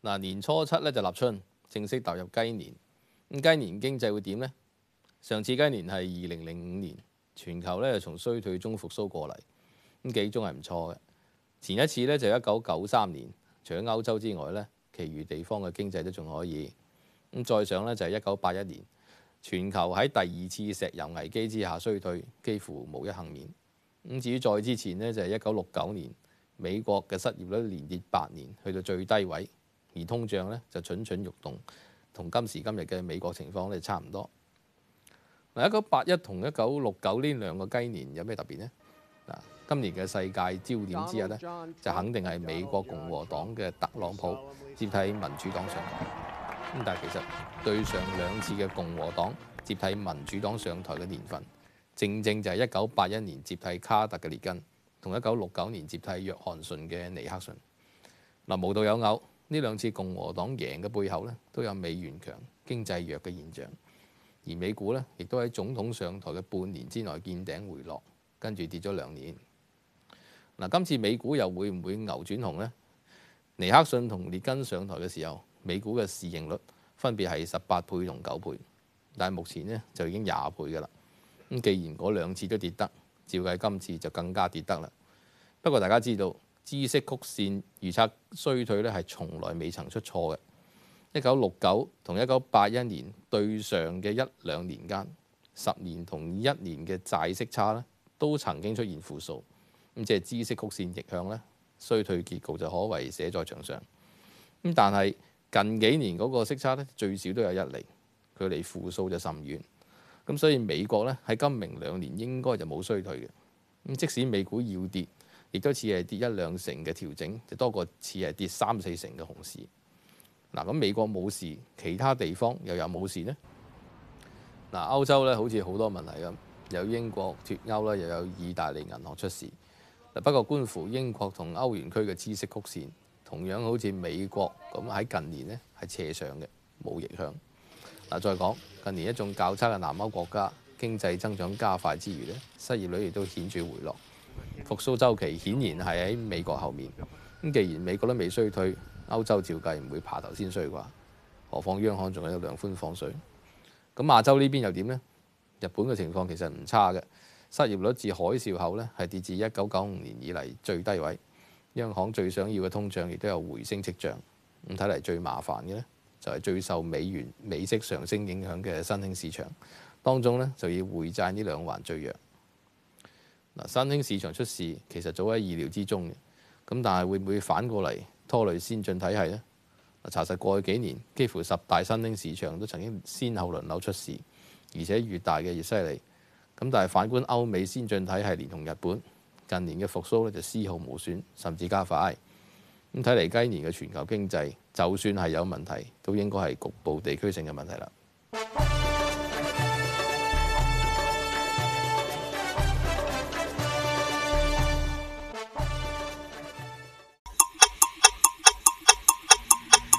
嗱，年初七咧就立春，正式踏入雞年。咁雞年經濟會點呢？上次雞年係二零零五年，全球咧從衰退中復甦過嚟，咁記憶中係唔錯嘅。前一次咧就一九九三年，除咗歐洲之外咧，其餘地方嘅經濟都仲可以。咁再上咧就係一九八一年，全球喺第二次石油危機之下衰退，幾乎無一幸免。咁至於再之前呢，就係一九六九年，美國嘅失業率連跌八年，去到最低位。而通脹咧就蠢蠢欲動，同今時今日嘅美國情況咧差唔多嗱。一九八一同一九六九呢兩個雞年有咩特別呢？嗱，今年嘅世界焦點之一呢，Donald John 就肯定係 Donald John 美國共和黨嘅特朗普接替民主黨上台。咁但係其實對上兩次嘅共和黨接替民主黨上台嘅年份，正正就係一九八一年接替卡特嘅列根，同一九六九年接替約翰遜嘅尼克遜嗱。無獨有偶。呢兩次共和黨贏嘅背後呢，都有美元強、經濟弱嘅現象，而美股呢亦都喺總統上台嘅半年之內見頂回落，跟住跌咗兩年。嗱、啊，今次美股又會唔會牛轉紅呢？尼克遜同列根上台嘅時候，美股嘅市盈率分別係十八倍同九倍，但係目前呢就已經廿倍㗎啦。咁既然嗰兩次都跌得，照計今次就更加跌得啦。不過大家知道。孳息曲線預測衰退呢係從來未曾出錯嘅。一九六九同一九八一年對上嘅一兩年間，十年同一年嘅債息差呢都曾經出現負數，咁即係孳息曲線逆向呢，衰退結局就可謂寫在牆上。咁但係近幾年嗰個息差呢最少都有一厘，距離負數就甚遠。咁所以美國呢喺今明兩年應該就冇衰退嘅。咁即使美股要跌，亦都似係跌一兩成嘅調整，就多過似係跌三四成嘅熊市。嗱，咁美國冇事，其他地方又有冇事呢？嗱，歐洲咧好似好多問題咁，有英國脱歐啦，又有意大利銀行出事。不過，觀乎英國同歐元區嘅知識曲線，同樣好似美國咁喺近年呢係斜上嘅，冇影響。嗱，再講近年一眾較差嘅南歐國家經濟增長加快之餘呢，失業率亦都顯著回落。復甦周期顯然係喺美國後面，咁既然美國都未衰退，歐洲照計唔會爬頭先衰啩，何況央行仲有量寬放水。咁亞洲呢邊又點呢？日本嘅情況其實唔差嘅，失業率自海嘯後呢係跌至一九九五年以嚟最低位，央行最想要嘅通脹亦都有回升跡象。咁睇嚟最麻煩嘅呢，就係、是、最受美元美息上升影響嘅新興市場當中呢就要匯債呢兩環最弱。新興市場出事其實早喺意料之中嘅，咁但係會唔會反過嚟拖累先進體系呢？查實過去幾年，幾乎十大新興市場都曾經先後輪流出事，而且越大嘅越犀利。咁但係反觀歐美先進體系，連同日本近年嘅復甦呢就絲毫無損，甚至加快。咁睇嚟，雞年嘅全球經濟就算係有問題，都應該係局部地區性嘅問題啦。